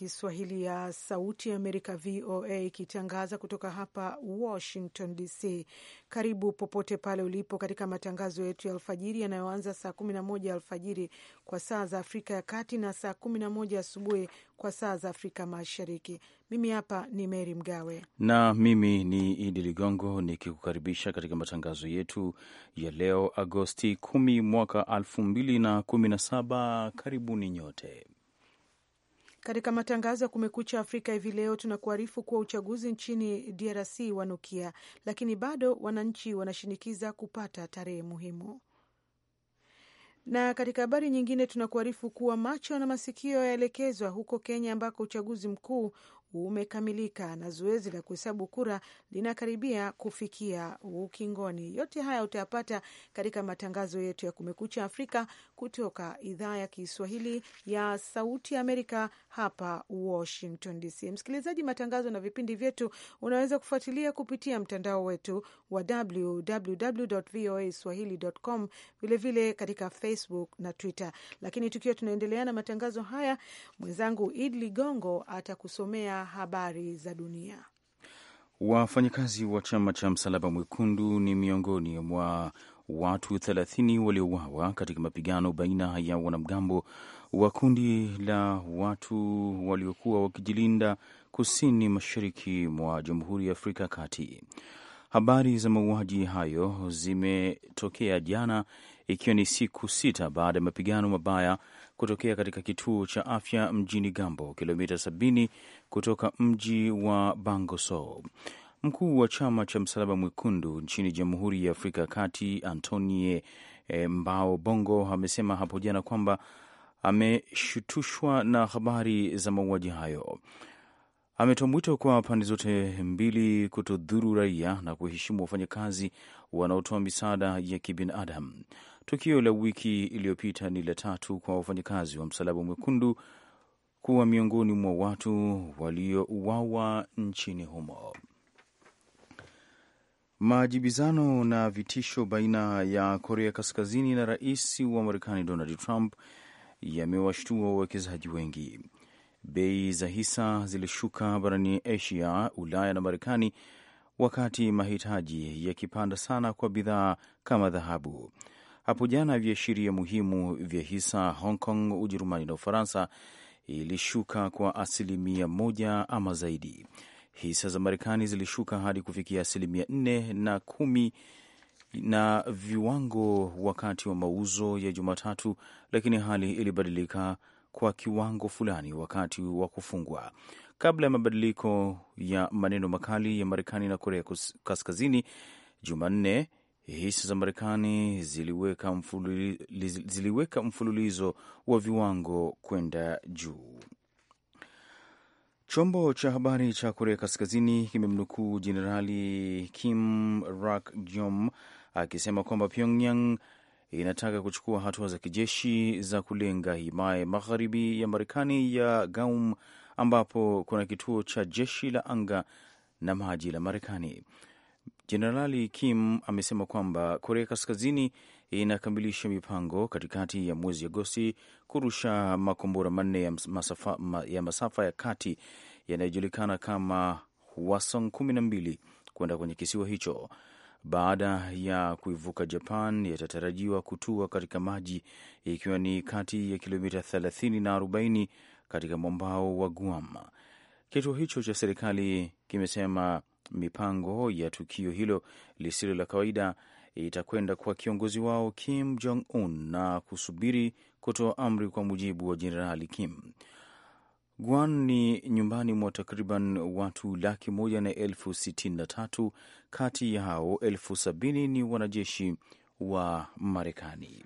Kiswahili ya Sauti ya Amerika, VOA, ikitangaza kutoka hapa Washington DC. Karibu popote pale ulipo katika matangazo yetu ya alfajiri yanayoanza saa 11 alfajiri kwa saa za Afrika ya Kati na saa 11 asubuhi kwa saa za Afrika Mashariki. Mimi hapa ni Mary Mgawe na mimi ni Idi Ligongo nikikukaribisha katika matangazo yetu ya leo Agosti 10 mwaka 2017. Karibuni nyote katika matangazo ya Kumekucha Afrika hivi leo tunakuarifu kuwa uchaguzi nchini DRC wanukia, lakini bado wananchi wanashinikiza kupata tarehe muhimu. Na katika habari nyingine tunakuarifu kuwa macho na masikio yaelekezwa huko Kenya ambako uchaguzi mkuu umekamilika na zoezi la kuhesabu kura linakaribia kufikia ukingoni. Yote haya utayapata katika matangazo yetu ya Kumekucha Afrika kutoka idhaa ya Kiswahili ya Sauti Amerika hapa Washington DC. Msikilizaji, matangazo na vipindi vyetu unaweza kufuatilia kupitia mtandao wetu wa swahilicom vilevile katika Facebook na Twitter. Lakini tukiwa tunaendelea na matangazo haya, mwenzangu Id Ligongo atakusomea habari za dunia. Wafanyakazi wa chama cha Msalaba Mwekundu ni miongoni mwa watu 30 waliouawa katika mapigano baina ya wanamgambo wa kundi la watu waliokuwa wakijilinda kusini mashariki mwa Jamhuri ya Afrika ya Kati. Habari za mauaji hayo zimetokea jana ikiwa ni siku sita baada ya mapigano mabaya kutokea katika kituo cha afya mjini Gambo, kilomita 70 kutoka mji wa Bangoso. Mkuu wa chama cha Msalaba Mwekundu nchini Jamhuri ya Afrika ya Kati Antonie eh, Mbao Bongo amesema hapo jana kwamba ameshutushwa na habari za mauaji hayo. Ametoa mwito kwa pande zote mbili kutodhuru raia na kuheshimu wafanyakazi wanaotoa misaada ya kibinadamu. Tukio la wiki iliyopita ni la tatu kwa wafanyakazi wa Msalaba Mwekundu kuwa miongoni mwa watu waliouawa nchini humo. Majibizano na vitisho baina ya Korea Kaskazini na rais wa Marekani Donald Trump yamewashtua wawekezaji wengi. Bei za hisa zilishuka barani Asia, Ulaya na Marekani, wakati mahitaji yakipanda sana kwa bidhaa kama dhahabu. Hapo jana viashiria muhimu vya hisa Hong Kong, Ujerumani na Ufaransa ilishuka kwa asilimia moja ama zaidi. Hisa za Marekani zilishuka hadi kufikia asilimia nne na kumi na viwango wakati wa mauzo ya Jumatatu, lakini hali ilibadilika kwa kiwango fulani wakati wa kufungwa, kabla ya mabadiliko ya maneno makali ya Marekani na Korea Kaskazini Jumanne hisa za Marekani ziliweka, mfululi, ziliweka mfululizo wa viwango kwenda juu. Chombo cha habari cha Korea Kaskazini kimemnukuu Jenerali Kim Rak Jom akisema kwamba Pyongyang inataka kuchukua hatua za kijeshi za kulenga himaya magharibi ya Marekani ya Gaum ambapo kuna kituo cha jeshi la anga na maji la Marekani. Jenerali Kim amesema kwamba Korea Kaskazini inakamilisha mipango katikati ya mwezi Agosti kurusha makombora manne ya masafa ya, masafa ya kati yanayojulikana kama Hwasong kumi na mbili kwenda kwenye kisiwa hicho. Baada ya kuivuka Japan, yatatarajiwa kutua katika maji ikiwa ni kati ya kilomita 30 na 40 katika mwambao wa Guam. Kituo hicho cha serikali kimesema mipango ya tukio hilo lisilo la kawaida itakwenda kwa kiongozi wao Kim Jong Un na kusubiri kutoa amri, kwa mujibu wa Jenerali Kim. Guan ni nyumbani mwa takriban watu laki moja na elfu sitini na tatu. Kati ya hao elfu sabini ni wanajeshi wa Marekani.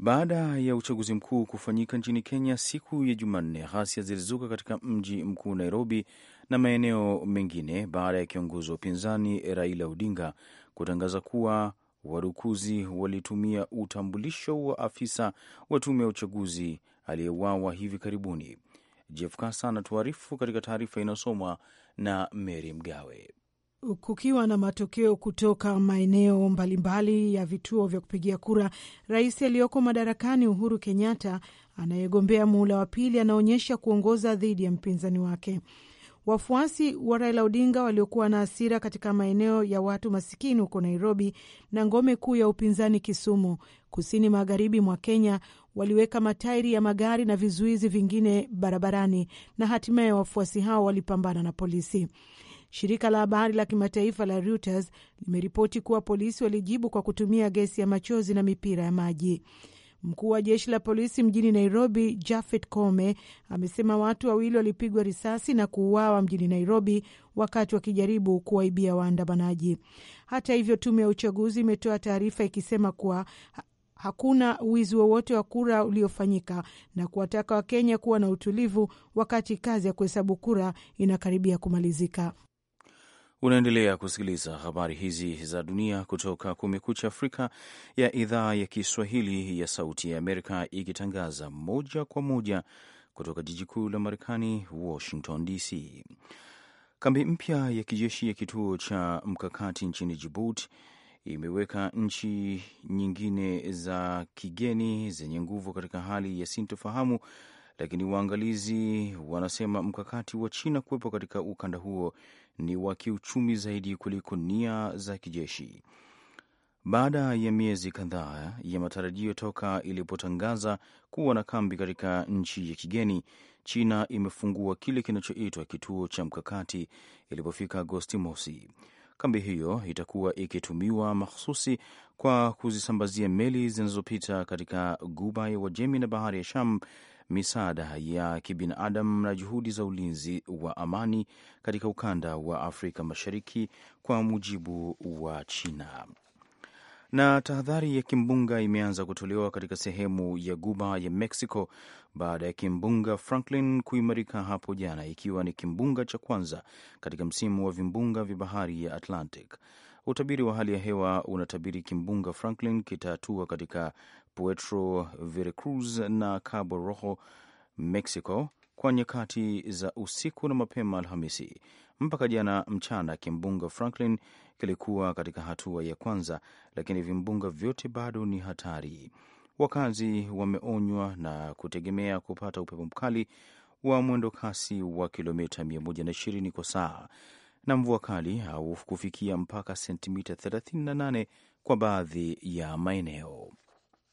Baada ya uchaguzi mkuu kufanyika nchini Kenya siku ya Jumanne, ghasia zilizuka katika mji mkuu Nairobi na maeneo mengine baada ya kiongozi wa upinzani Raila Odinga kutangaza kuwa warukuzi walitumia utambulisho wa afisa wa tume ya uchaguzi aliyeuawa hivi karibuni. Jeff Kasa anatuarifu katika taarifa inayosomwa na Mary Mgawe kukiwa na matokeo kutoka maeneo mbalimbali ya vituo vya kupigia kura, rais aliyoko madarakani Uhuru Kenyatta anayegombea muhula wa pili anaonyesha kuongoza dhidi ya mpinzani wake. Wafuasi wa Raila Odinga waliokuwa na hasira katika maeneo ya watu masikini huko Nairobi na ngome kuu ya upinzani Kisumu, kusini magharibi mwa Kenya, waliweka matairi ya magari na vizuizi vingine barabarani na hatimaye wafuasi hao walipambana na polisi. Shirika la habari la kimataifa la Reuters limeripoti kuwa polisi walijibu kwa kutumia gesi ya machozi na mipira ya maji. Mkuu wa jeshi la polisi mjini Nairobi, Jafet Kome, amesema watu wawili walipigwa risasi na kuuawa mjini Nairobi wakati wakijaribu kuwaibia waandamanaji. Hata hivyo, tume ya uchaguzi imetoa taarifa ikisema kuwa hakuna wizi wowote wa kura uliofanyika na kuwataka Wakenya kuwa na utulivu wakati kazi ya kuhesabu kura inakaribia kumalizika. Unaendelea kusikiliza habari hizi za dunia kutoka Kumekucha Afrika ya idhaa ya Kiswahili ya Sauti ya Amerika, ikitangaza moja kwa moja kutoka jiji kuu la Marekani, Washington DC. Kambi mpya ya kijeshi ya kituo cha mkakati nchini Jibuti imeweka nchi nyingine za kigeni zenye nguvu katika hali ya sintofahamu, lakini waangalizi wanasema mkakati wa China kuwepo katika ukanda huo ni wa kiuchumi zaidi kuliko nia za kijeshi. Baada ya miezi kadhaa ya matarajio toka ilipotangaza kuwa na kambi katika nchi ya kigeni, China imefungua kile kinachoitwa kituo cha mkakati ilipofika Agosti mosi. Kambi hiyo itakuwa ikitumiwa makhususi kwa kuzisambazia meli zinazopita katika guba ya Uajemi na bahari ya Sham misaada ya kibinadamu na juhudi za ulinzi wa amani katika ukanda wa Afrika Mashariki, kwa mujibu wa China. Na tahadhari ya kimbunga imeanza kutolewa katika sehemu ya Guba ya Mexico baada ya kimbunga Franklin kuimarika hapo jana, ikiwa ni kimbunga cha kwanza katika msimu wa vimbunga vya bahari ya Atlantic. Utabiri wa hali ya hewa unatabiri kimbunga Franklin kitatua katika Puerto Veracruz na Cabo Rojo, Mexico, kwa nyakati za usiku na mapema Alhamisi. Mpaka jana mchana, kimbunga Franklin kilikuwa katika hatua ya kwanza, lakini vimbunga vyote bado ni hatari. Wakazi wameonywa na kutegemea kupata upepo mkali wa mwendo kasi wa kilomita 120 kwa saa na mvua kali au kufikia mpaka sentimita 38 kwa baadhi ya maeneo.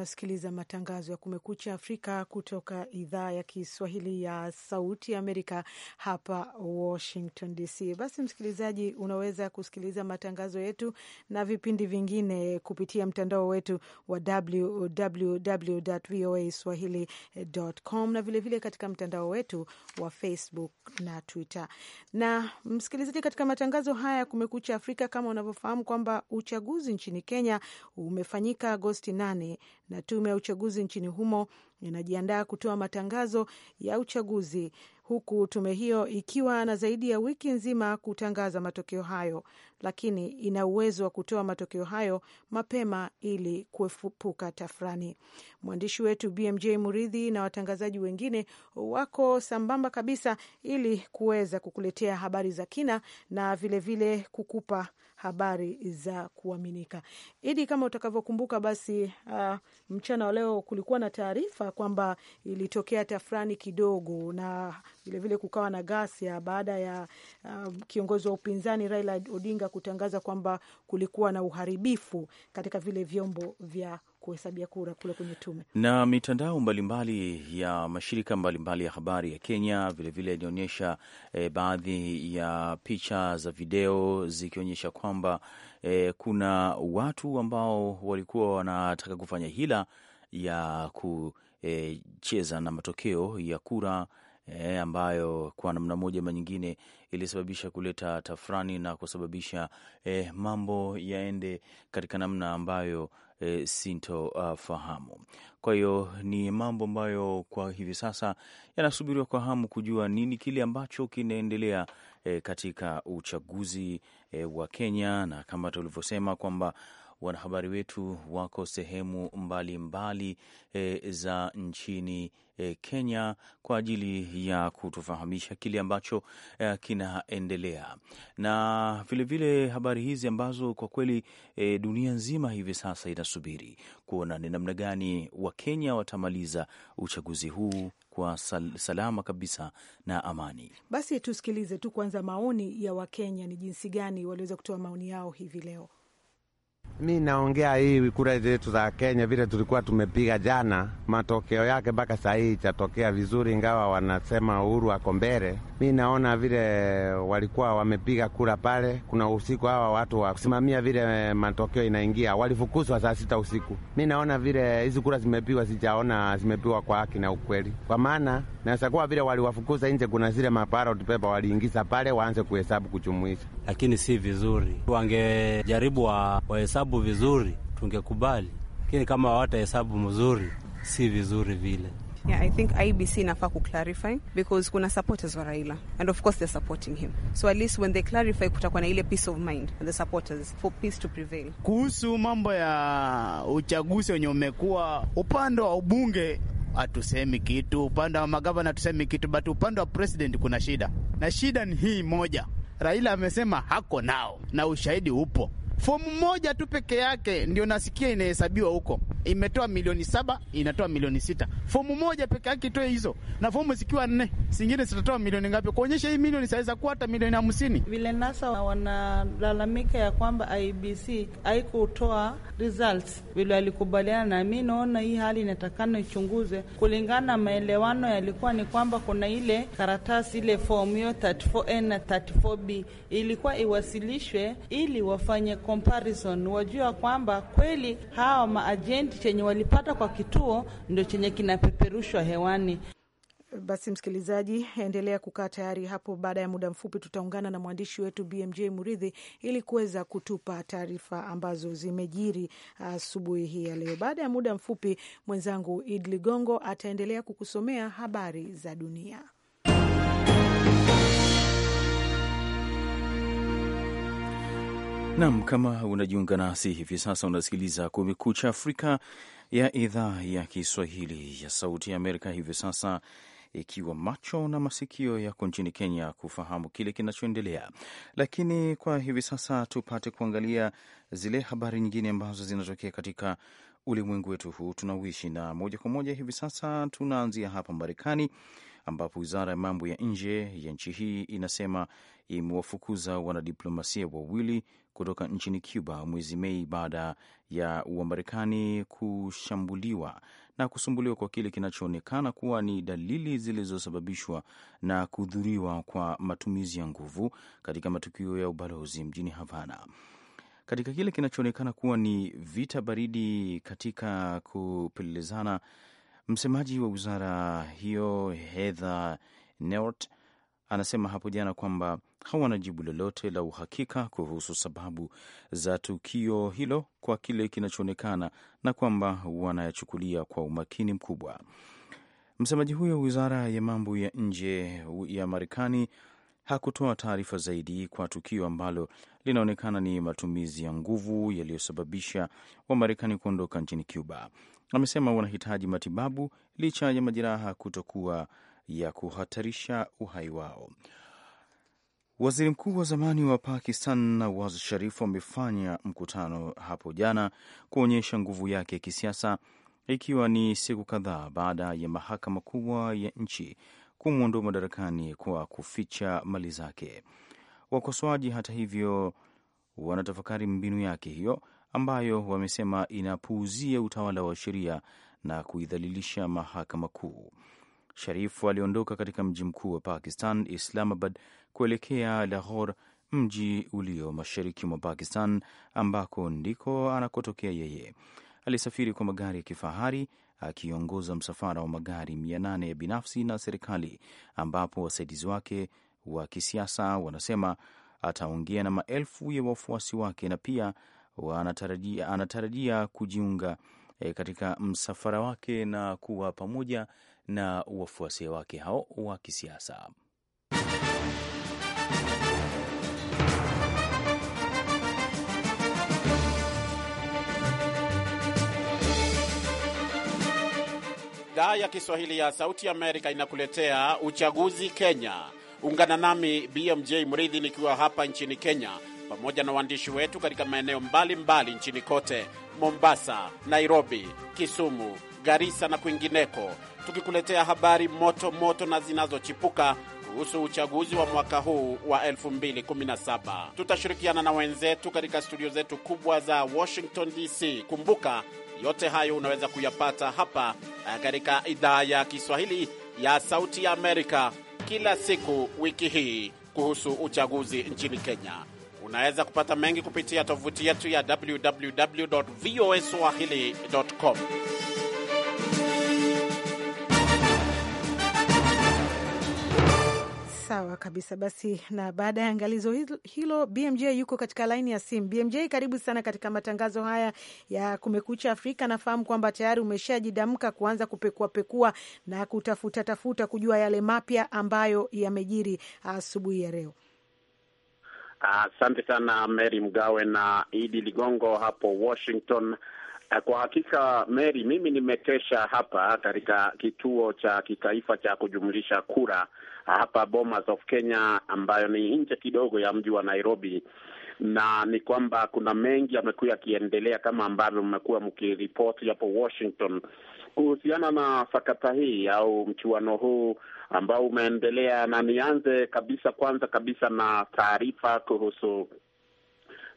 unasikiliza matangazo ya Kumekucha Afrika kutoka idhaa ya Kiswahili ya Sauti Amerika hapa Washington DC. Basi msikilizaji, unaweza kusikiliza matangazo yetu na vipindi vingine kupitia mtandao wetu wa swahilicom na vilevile vile katika mtandao wetu wa Facebook na Twitter. Na msikilizaji, katika matangazo haya ya Kumekucha Afrika, kama unavyofahamu kwamba uchaguzi nchini Kenya umefanyika Agosti na tume ya uchaguzi nchini humo inajiandaa kutoa matangazo ya uchaguzi huku tume hiyo ikiwa na zaidi ya wiki nzima kutangaza matokeo hayo lakini ina uwezo wa kutoa matokeo hayo mapema ili kuepuka tafrani. Mwandishi wetu BMJ Muridhi na watangazaji wengine wako sambamba kabisa ili kuweza kukuletea habari za kina na vilevile vile kukupa habari za kuaminika. Idi, kama utakavyokumbuka, basi uh, mchana wa leo kulikuwa na taarifa kwamba ilitokea tafrani kidogo na Vilevile kukawa na ghasia baada ya uh, kiongozi wa upinzani Raila Odinga kutangaza kwamba kulikuwa na uharibifu katika vile vyombo vya kuhesabia kura kule kwenye tume. Na mitandao mbalimbali mbali ya mashirika mbalimbali mbali ya habari ya Kenya vilevile yalionyesha eh, baadhi ya picha za video zikionyesha kwamba eh, kuna watu ambao walikuwa wanataka kufanya hila ya kucheza eh, na matokeo ya kura eh, ambayo kwa namna moja ama nyingine ilisababisha kuleta tafrani na kusababisha eh, mambo yaende katika namna ambayo eh, sintofahamu. Uh, kwa hiyo ni mambo ambayo kwa hivi sasa yanasubiriwa kwa hamu kujua nini kile ambacho kinaendelea eh, katika uchaguzi eh, wa Kenya na kama tulivyosema kwamba wanahabari wetu wako sehemu mbalimbali mbali, eh, e, za nchini e, Kenya kwa ajili ya kutufahamisha kile ambacho e, kinaendelea na vilevile vile habari hizi ambazo kwa kweli e, dunia nzima hivi sasa inasubiri kuona ni namna gani Wakenya watamaliza uchaguzi huu kwa sal salama kabisa na amani. Basi tusikilize tu kwanza maoni ya Wakenya ni jinsi gani waliweza kutoa maoni yao hivi leo. Mi naongea hii kura zetu za Kenya vile tulikuwa tumepiga jana, matokeo yake mpaka saa hii itatokea vizuri, ingawa wanasema Uhuru ako mbele. Mi naona vile walikuwa wamepiga kura pale, kuna usiku, hawa watu wa kusimamia vile matokeo inaingia walifukuzwa saa sita usiku. Mi naona vile hizi kura zimepigwa, sijaona zimepigwa kwa haki na ukweli, kwa maana naweza kuwa vile waliwafukuza nje, kuna zile maparoti pepa waliingiza pale, waanze kuhesabu kuchumuisha, lakini si vizuri, wangejaribu wahesabu wangehesabu vizuri tungekubali, lakini kama hawatahesabu mzuri si vizuri vile. Yeah, I think IBC inafaa kuclarify because kuna supporters wa Raila and of course they're supporting him. So at least when they clarify kutakuwa na ile peace of mind and the supporters for peace to prevail. Kuhusu mambo ya uchaguzi wenye umekuwa upande wa ubunge hatusemi kitu, upande wa magavana hatusemi kitu, but upande wa president kuna shida, na shida ni hii moja. Raila amesema hako nao na ushahidi upo fomu moja tu peke yake ndio nasikia inahesabiwa huko, imetoa milioni saba, inatoa milioni sita. Fomu moja peke yake itoe hizo, na fomu zikiwa nne, zingine zitatoa milioni ngapi? Kuonyesha hii milioni saweza kuwa hata milioni hamsini. Vile NASA wanalalamika ya kwamba IBC haikutoa results vile alikubaliana, na mi naona hii hali inatakana ichunguze. kulingana na maelewano yalikuwa ni kwamba kuna ile karatasi ile fomu hiyo 34A na 34B ilikuwa iwasilishwe ili wafanye comparison, wajua kwamba kweli hawa maajenti chenye walipata kwa kituo ndio chenye kinapeperushwa hewani. Basi msikilizaji, endelea kukaa tayari. Hapo baada ya muda mfupi, tutaungana na mwandishi wetu BMJ Muridhi ili kuweza kutupa taarifa ambazo zimejiri asubuhi hii ya leo. Baada ya muda mfupi, mwenzangu Id Ligongo ataendelea kukusomea habari za dunia. Nam, kama unajiunga nasi hivi sasa, unasikiliza Kumekucha Afrika ya idhaa ya Kiswahili ya Sauti ya Amerika. Hivi sasa ikiwa macho na masikio yako nchini Kenya kufahamu kile kinachoendelea, lakini kwa hivi sasa tupate kuangalia zile habari nyingine ambazo zinatokea katika ulimwengu wetu huu tunauishi, na moja kwa moja hivi sasa tunaanzia hapa Marekani ambapo wizara ya mambo ya nje ya nchi hii inasema imewafukuza wanadiplomasia wawili kutoka nchini Cuba mwezi Mei baada ya Wamarekani kushambuliwa na kusumbuliwa kwa kile kinachoonekana kuwa ni dalili zilizosababishwa na kudhuriwa kwa matumizi ya nguvu katika matukio ya ubalozi mjini Havana katika kile kinachoonekana kuwa ni vita baridi katika kupelelezana. Msemaji wa wizara hiyo Heather Nauert anasema hapo jana kwamba hawana jibu lolote la uhakika kuhusu sababu za tukio hilo kwa kile kinachoonekana na kwamba wanayachukulia kwa umakini mkubwa. Msemaji huyo wizara ya mambo ya nje ya Marekani hakutoa taarifa zaidi kwa tukio ambalo linaonekana ni matumizi ya nguvu yaliyosababisha Wamarekani kuondoka nchini Cuba. Amesema wanahitaji matibabu licha ya majeraha kutokuwa ya kuhatarisha uhai wao. Waziri mkuu wa zamani wa Pakistan Nawaz Sharif amefanya mkutano hapo jana kuonyesha nguvu yake ya kisiasa, ikiwa ni siku kadhaa baada ya mahakama kubwa ya nchi kumwondoa madarakani kwa kuficha mali zake. Wakosoaji hata hivyo wanatafakari mbinu yake hiyo ambayo wamesema inapuuzia utawala wa sheria na kuidhalilisha mahakama kuu. Sharifu aliondoka katika mji mkuu wa Pakistan, Islamabad, kuelekea Lahore, mji ulio mashariki mwa Pakistan, ambako ndiko anakotokea yeye. Alisafiri kwa magari ya kifahari akiongoza msafara wa magari mia nane ya binafsi na serikali, ambapo wasaidizi wake wa kisiasa wanasema ataongea na maelfu ya wafuasi wake na pia anatarajia kujiunga eh, katika msafara wake na kuwa pamoja na wafuasi wake hao wa kisiasa. Idhaa ya Kiswahili ya Sauti Amerika inakuletea uchaguzi Kenya. Ungana nami BMJ Mridhi nikiwa hapa nchini Kenya pamoja na waandishi wetu katika maeneo mbalimbali mbali nchini kote: Mombasa, Nairobi, Kisumu, Garissa na kwingineko, tukikuletea habari moto moto na zinazochipuka kuhusu uchaguzi wa mwaka huu wa 2017. Tutashirikiana na wenzetu katika studio zetu kubwa za Washington DC. Kumbuka yote hayo unaweza kuyapata hapa eh, katika idhaa ya Kiswahili ya Sauti ya Amerika kila siku wiki hii kuhusu uchaguzi nchini Kenya. Unaweza kupata mengi kupitia tovuti yetu ya www voa swahili.com. Sawa kabisa. Basi, na baada ya angalizo hilo, BMJ yuko katika laini ya simu. BMJ, karibu sana katika matangazo haya ya Kumekucha Afrika. Nafahamu kwamba tayari umeshajidamka kuanza kupekuapekua na kutafutatafuta kujua yale mapya ambayo yamejiri asubuhi ya leo. Asante uh, sana Mary Mgawe na Idi Ligongo hapo Washington. Kwa hakika Mary, mimi nimekesha hapa katika kituo cha kitaifa cha kujumlisha kura hapa Bomas of Kenya, ambayo ni nje kidogo ya mji wa Nairobi, na ni kwamba kuna mengi yamekuwa yakiendelea kama ambavyo mmekuwa mkiripoti hapo Washington kuhusiana na sakata hii au mchuano huu ambao umeendelea, na nianze kabisa kwanza kabisa na taarifa kuhusu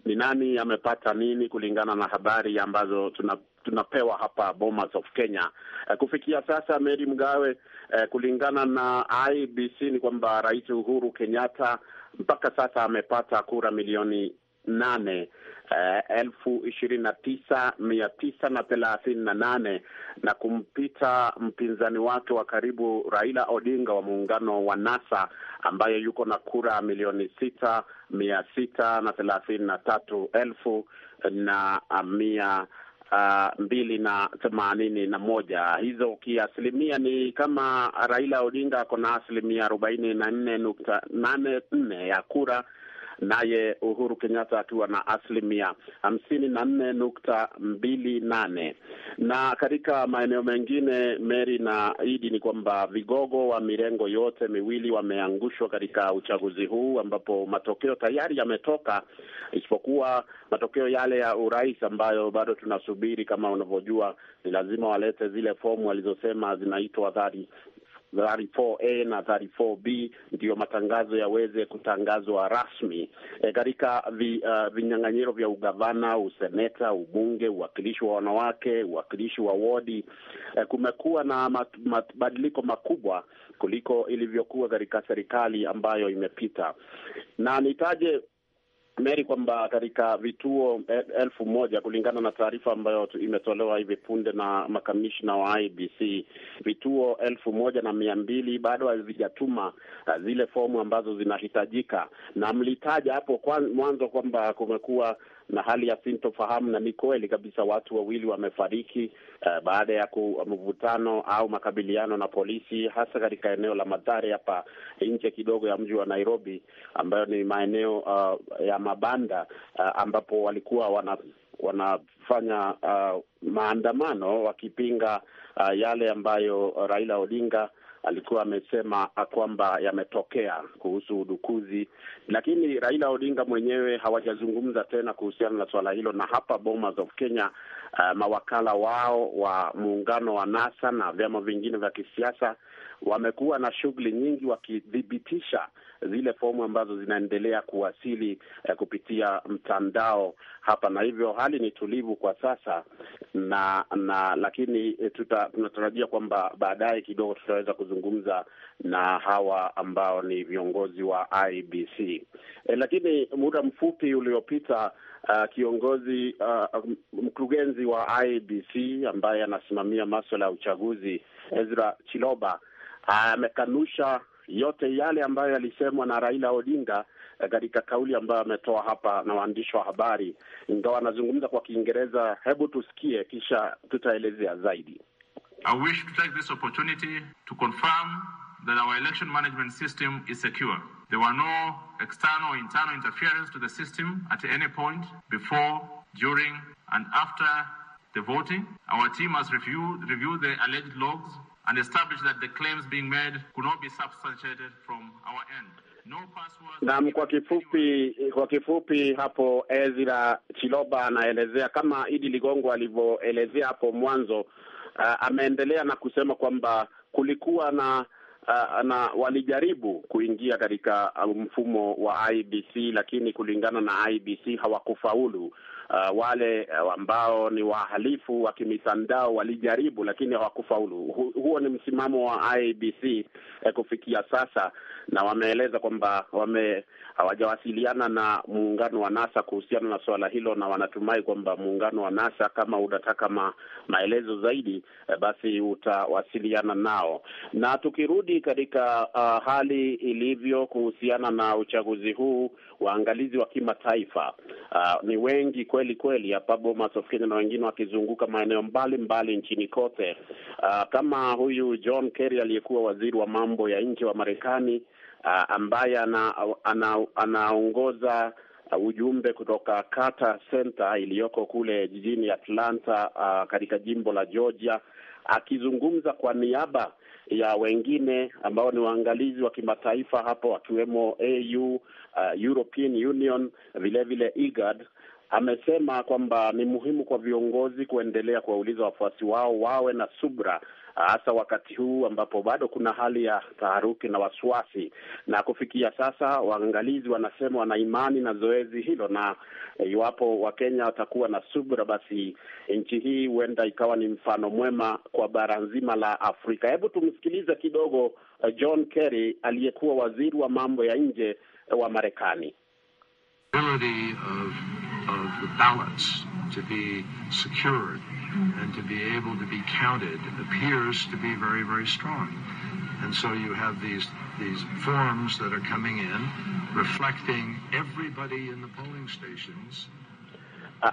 ni nani amepata nini, kulingana na habari ambazo tuna tunapewa hapa Bomas of Kenya. Eh, kufikia sasa, Mary Mgawe, eh, kulingana na IBC ni kwamba Rais Uhuru Kenyatta mpaka sasa amepata kura milioni nane Eh, elfu ishirini na tisa mia tisa na thelathini na nane na kumpita mpinzani wake wa karibu Raila Odinga wa muungano wa NASA ambaye yuko na kura milioni sita mia sita na thelathini na tatu elfu na ah, mia Uh, mbili na themanini na moja. Hizo ukiasilimia ni kama Raila Odinga ako na asilimia arobaini na nne nukta nane nne ya kura naye Uhuru Kenyatta akiwa na asilimia hamsini na nne nukta mbili nane. Na katika maeneo mengine, Meri na Idi, ni kwamba vigogo wa mirengo yote miwili wameangushwa katika uchaguzi huu ambapo matokeo tayari yametoka, isipokuwa matokeo yale ya urais ambayo bado tunasubiri. Kama unavyojua, ni lazima walete zile fomu walizosema zinaitwa dhati 34A na 34B ndiyo matangazo yaweze kutangazwa rasmi e, katika e, vi, uh, vinyang'anyiro vya ugavana, useneta, ubunge, uwakilishi wa wanawake, uwakilishi wa wodi. E, kumekuwa na mabadiliko makubwa kuliko ilivyokuwa katika serikali ambayo imepita, na nitaje Meri, kwamba katika vituo e, elfu moja kulingana na taarifa ambayo imetolewa hivi punde na makamishna wa IBC, vituo elfu moja na mia mbili bado hazijatuma uh, zile fomu ambazo zinahitajika, na mlitaja hapo mwanzo kwamba kumekuwa na hali ya sintofahamu, na ni kweli kabisa watu wawili wamefariki uh, baada ya mvutano au makabiliano na polisi, hasa katika eneo la Mathare hapa nje kidogo ya mji wa Nairobi, ambayo ni maeneo uh, ya mabanda uh, ambapo walikuwa wana wanafanya uh, maandamano wakipinga uh, yale ambayo Raila Odinga alikuwa amesema kwamba yametokea kuhusu udukuzi, lakini Raila Odinga mwenyewe hawajazungumza tena kuhusiana na swala hilo. Na hapa Bomas of Kenya, uh, mawakala wao wa muungano wa NASA na vyama vingine vya kisiasa wamekuwa na shughuli nyingi wakithibitisha zile fomu ambazo zinaendelea kuwasili eh, kupitia mtandao hapa, na hivyo hali ni tulivu kwa sasa na na lakini eh, tuta, tunatarajia kwamba baadaye kidogo tutaweza kuzungumza na hawa ambao ni viongozi wa IBC eh, lakini muda mfupi uliopita Uh, kiongozi uh, mkurugenzi wa IBC ambaye anasimamia maswala ya uchaguzi Ezra Chiloba amekanusha yote yale ambayo yalisemwa na Raila Odinga eh, katika kauli ambayo ametoa hapa na waandishi wa habari, ingawa anazungumza kwa Kiingereza. Hebu tusikie, kisha tutaelezea zaidi. I wish to take this opportunity to confirm that our election management system is secure. There were no external or internal interference to the system at any point before, during and after the voting. Our team has reviewed, reviewed the alleged logs and establish that the claims being made could not be substantiated from our end. No naam, kwa kifupi, kwa kifupi hapo Ezra Chiloba anaelezea kama Idi Ligongo alivyoelezea hapo mwanzo. Uh, ameendelea na kusema kwamba kulikuwa na Uh, na walijaribu kuingia katika uh, mfumo wa IBC lakini kulingana na IBC hawakufaulu uh, wale eh, ambao ni wahalifu wa kimitandao walijaribu, lakini hawakufaulu. huo ni msimamo wa IBC eh, kufikia sasa, na wameeleza kwamba wame hawajawasiliana na muungano wa NASA kuhusiana na suala hilo, na wanatumai kwamba muungano wa NASA kama unataka ma, maelezo zaidi eh, basi utawasiliana nao. Na tukirudi katika uh, hali ilivyo kuhusiana na uchaguzi huu, waangalizi wa kimataifa uh, ni wengi kwe kweli kweli hapa Bomas of Kenya na wengine wakizunguka maeneo mbali mbali nchini kote. Uh, kama huyu John Kerry aliyekuwa waziri wa mambo ya nje wa Marekani uh, ambaye anaongoza ana, ana Uh, ujumbe kutoka Carter Center iliyoko kule jijini Atlanta uh, katika jimbo la Georgia akizungumza kwa niaba ya wengine ambao ni waangalizi wa kimataifa hapo akiwemo AU, uh, European Union, vile IGAD amesema kwamba ni muhimu kwa viongozi kuendelea kuwauliza wafuasi wao wawe na subra hasa wakati huu ambapo bado kuna hali ya taharuki na wasiwasi. Na kufikia sasa, waangalizi wanasema wana imani na zoezi hilo, na iwapo Wakenya watakuwa na subra, basi nchi hii huenda ikawa ni mfano mwema kwa bara nzima la Afrika. Hebu tumsikilize kidogo uh, John Kerry aliyekuwa waziri wa mambo ya nje uh, wa Marekani. of the ballots to be secured and to be able to be counted appears to be very, very strong. And so you have these these forms that are coming in reflecting everybody in the polling stations.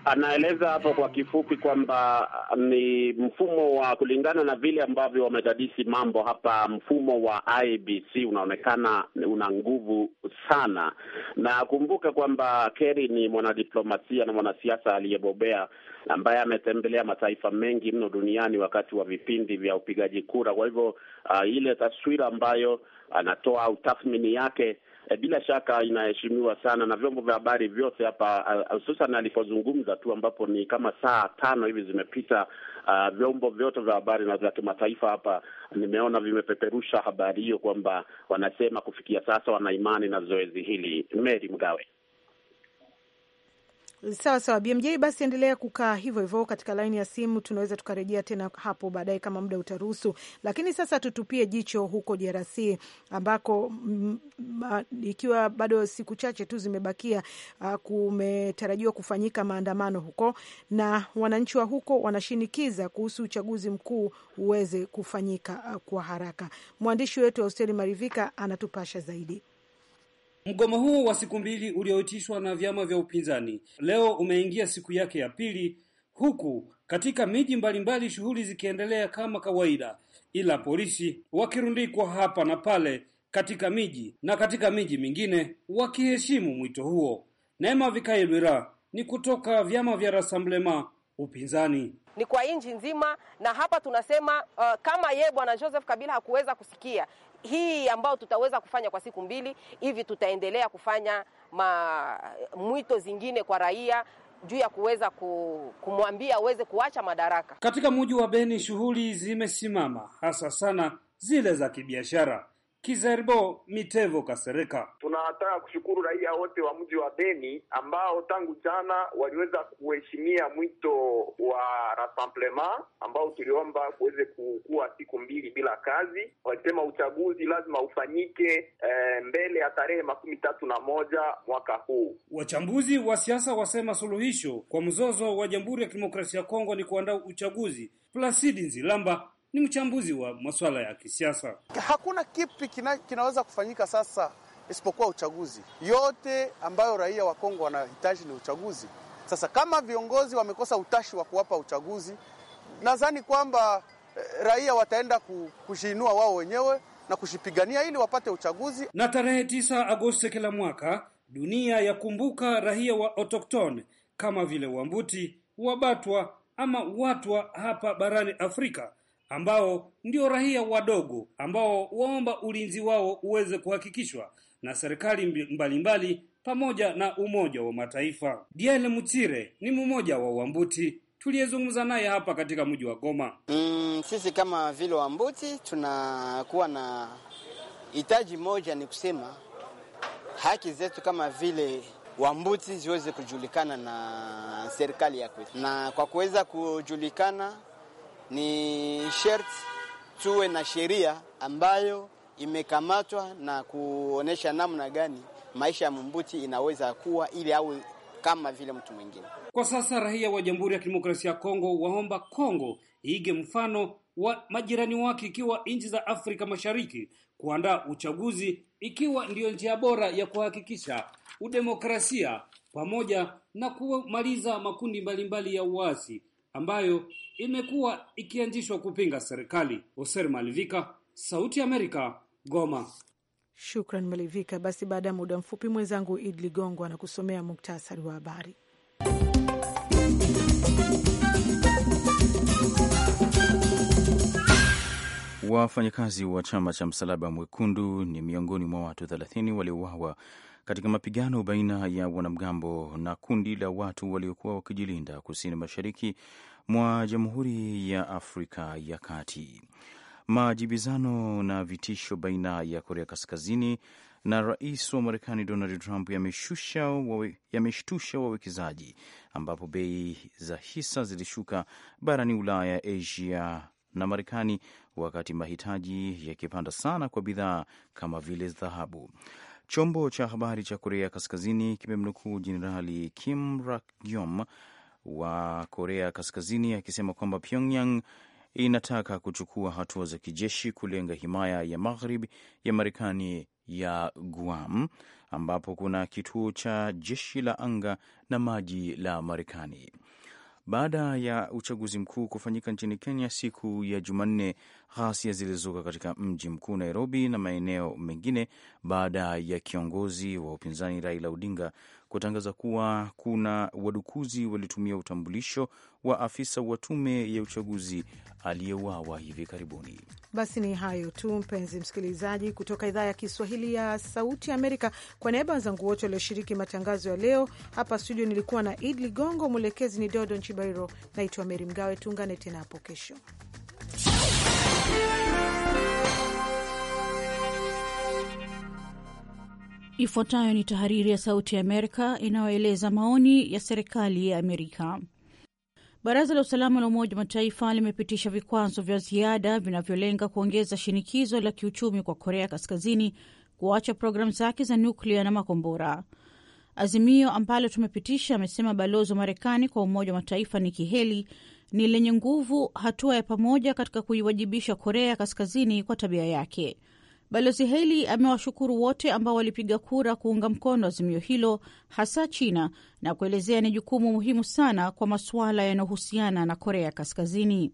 Anaeleza hapo kwa kifupi kwamba ni mfumo wa kulingana na vile ambavyo wamedadisi mambo hapa, mfumo wa IBC unaonekana una nguvu sana, na kumbuka kwamba Kerry ni mwanadiplomasia na mwanasiasa aliyebobea ambaye ametembelea mataifa mengi mno duniani wakati wa vipindi vya upigaji kura. Kwa hivyo uh, ile taswira ambayo anatoa uh, au tathmini yake e, bila shaka inaheshimiwa sana na vyombo vya habari vyote hapa, eh, hususan alipozungumza tu, ambapo ni kama saa tano hivi zimepita. Uh, vyombo vyote vya habari na vya kimataifa hapa nimeona vimepeperusha habari hiyo kwamba wanasema kufikia sasa wanaimani na zoezi hili. Mary Mgawe. Sawa sawa, BMJ, basi endelea kukaa hivyo hivyo katika laini ya simu. Tunaweza tukarejea tena hapo baadaye kama muda utaruhusu, lakini sasa tutupie jicho huko DRC ambako mm, ikiwa bado siku chache tu zimebakia, uh, kumetarajiwa kufanyika maandamano huko, na wananchi wa huko wanashinikiza kuhusu uchaguzi mkuu uweze kufanyika uh, kwa haraka. Mwandishi wetu Austeli Marivika anatupasha zaidi. Mgomo huu wa siku mbili ulioitishwa na vyama vya upinzani leo umeingia siku yake ya pili, huku katika miji mbalimbali shughuli zikiendelea kama kawaida, ila polisi wakirundikwa hapa na pale katika miji na katika miji mingine wakiheshimu mwito huo. Neema Vikaelwira ni kutoka vyama vya Rassemblement upinzani ni kwa nchi nzima, na hapa tunasema uh, kama ye bwana Joseph Kabila hakuweza kusikia hii ambayo tutaweza kufanya kwa siku mbili hivi, tutaendelea kufanya ma, mwito zingine kwa raia juu ya kuweza kumwambia aweze kuacha madaraka. Katika mji wa Beni shughuli zimesimama hasa sana zile za kibiashara. Kizerbo Mitevo Kasereka. Tunataka kushukuru raia wote wa mji wa Beni ambao tangu jana waliweza kuheshimia mwito wa rassemblement ambao tuliomba kuweze kukua siku mbili bila kazi. Walisema uchaguzi lazima ufanyike e, mbele ya tarehe makumi tatu na moja mwaka huu. Wachambuzi wa siasa wasema suluhisho kwa mzozo wa Jamhuri ya Kidemokrasia ya Kongo ni kuandaa uchaguzi. Plasidi Nzilamba ni mchambuzi wa masuala ya kisiasa. Hakuna kipi kina, kinaweza kufanyika sasa isipokuwa uchaguzi. Yote ambayo raia wa Kongo wanahitaji ni uchaguzi. Sasa kama viongozi wamekosa utashi wa kuwapa uchaguzi, nadhani kwamba eh, raia wataenda kujiinua wao wenyewe na kushipigania ili wapate uchaguzi. Na tarehe 9 Agosti kila mwaka dunia yakumbuka raia wa otokton kama vile Wambuti, Wabatwa ama Watwa hapa barani Afrika ambao ndio raia wadogo ambao waomba ulinzi wao uweze kuhakikishwa na serikali mbalimbali mbali, pamoja na Umoja wa Mataifa. Diale Mutsire ni mmoja wa Wambuti tuliyezungumza naye hapa katika mji wa Goma. Mm, sisi kama vile Wambuti tunakuwa na hitaji moja, ni kusema haki zetu kama vile Wambuti ziweze kujulikana na serikali ya kwetu, na kwa kuweza kujulikana ni shirt, tuwe na sheria ambayo imekamatwa na kuonyesha namna gani maisha ya mumbuti inaweza kuwa ili au kama vile mtu mwingine. Kwa sasa raia wa Jamhuri ya Kidemokrasia ya Kongo waomba Kongo iige mfano wa majirani wake, ikiwa nchi za Afrika Mashariki kuandaa uchaguzi, ikiwa ndiyo njia bora ya kuhakikisha udemokrasia pamoja na kumaliza makundi mbalimbali mbali ya uasi ambayo imekuwa ikianzishwa kupinga serikali. Oser Malivika, Sauti ya Amerika, Goma. Shukran Malivika. Basi baada ya muda mfupi mwenzangu Id Ligongo anakusomea muktasari wa habari. Wafanyakazi wa chama cha Msalaba Mwekundu ni miongoni mwa watu 30 waliouawa katika mapigano baina ya wanamgambo na kundi la watu waliokuwa wakijilinda kusini mashariki mwa Jamhuri ya Afrika ya Kati. Majibizano na vitisho baina ya Korea Kaskazini na rais wa Marekani Donald Trump yameshtusha wawekezaji ambapo bei za hisa zilishuka barani Ulaya, Asia na Marekani, wakati mahitaji yakipanda sana kwa bidhaa kama vile dhahabu. Chombo cha habari cha Korea Kaskazini kimemnukuu Jenerali Kim Rakyom wa Korea Kaskazini akisema kwamba Pyongyang inataka kuchukua hatua za kijeshi kulenga himaya ya magharibi ya Marekani ya Guam ambapo kuna kituo cha jeshi la anga na maji la Marekani. Baada ya uchaguzi mkuu kufanyika nchini Kenya siku ya Jumanne, ghasia zilizuka katika mji mkuu Nairobi na maeneo mengine baada ya kiongozi wa upinzani Raila Odinga kutangaza kuwa kuna wadukuzi walitumia utambulisho wa afisa wa tume ya uchaguzi aliyeuawa hivi karibuni. Basi ni hayo tu, mpenzi msikilizaji, kutoka idhaa ya Kiswahili ya Sauti Amerika. Kwa niaba ya wenzangu wote walioshiriki matangazo ya leo hapa studio, nilikuwa na Id Ligongo, mwelekezi ni Dodo nchibairo naitwa Meri Mgawe. Tuungane tena hapo kesho. Ifuatayo ni tahariri ya Sauti ya Amerika inayoeleza maoni ya serikali ya Amerika. Baraza la Usalama la Umoja wa Mataifa limepitisha vikwazo vya ziada vinavyolenga kuongeza shinikizo la kiuchumi kwa Korea Kaskazini kuacha programu zake za nyuklia na makombora. Azimio ambalo tumepitisha, amesema balozi wa Marekani kwa Umoja wa Mataifa Nikki Haley, ni lenye nguvu, hatua ya pamoja katika kuiwajibisha Korea Kaskazini kwa tabia yake. Balozi Haley amewashukuru wote ambao walipiga kura kuunga mkono azimio hilo, hasa China, na kuelezea ni jukumu muhimu sana kwa masuala yanayohusiana na Korea Kaskazini.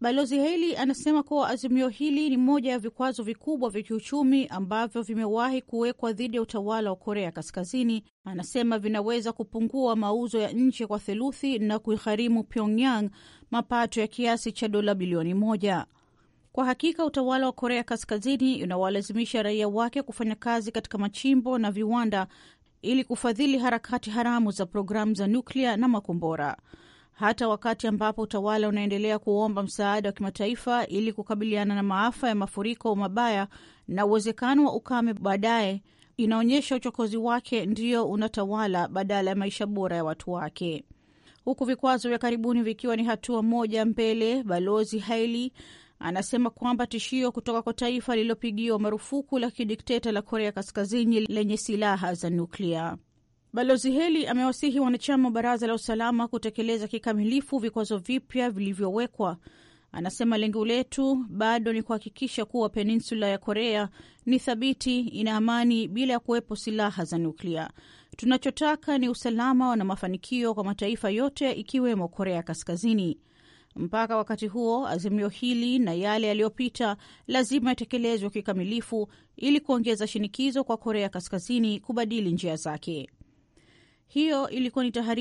Balozi Haley anasema kuwa azimio hili ni moja ya vikwazo vikubwa vya kiuchumi ambavyo vimewahi kuwekwa dhidi ya utawala wa Korea Kaskazini. Anasema vinaweza kupungua mauzo ya nje kwa theluthi na kuigharimu Pyongyang mapato ya kiasi cha dola bilioni moja. Kwa hakika utawala wa Korea Kaskazini unawalazimisha raia wake kufanya kazi katika machimbo na viwanda ili kufadhili harakati haramu za programu za nuklia na makombora. Hata wakati ambapo utawala unaendelea kuomba msaada wa kimataifa ili kukabiliana na maafa ya mafuriko mabaya na uwezekano wa ukame baadaye, inaonyesha uchokozi wake ndio unatawala badala ya maisha bora ya watu wake, huku vikwazo vya karibuni vikiwa ni hatua moja mbele. Balozi Haili anasema kwamba tishio kutoka kwa taifa lililopigiwa marufuku la kidikteta la Korea Kaskazini lenye silaha za nuklia. Balozi Heli amewasihi wanachama wa Baraza la Usalama kutekeleza kikamilifu vikwazo vipya vilivyowekwa. Anasema lengo letu bado ni kuhakikisha kuwa peninsula ya Korea ni thabiti, ina amani, bila ya kuwepo silaha za nuklia. Tunachotaka ni usalama na mafanikio kwa mataifa yote ikiwemo Korea Kaskazini. Mpaka wakati huo, azimio hili na yale yaliyopita lazima yatekelezwe kikamilifu ili kuongeza shinikizo kwa Korea Kaskazini kubadili njia zake. Hiyo ilikuwa ni tahariri.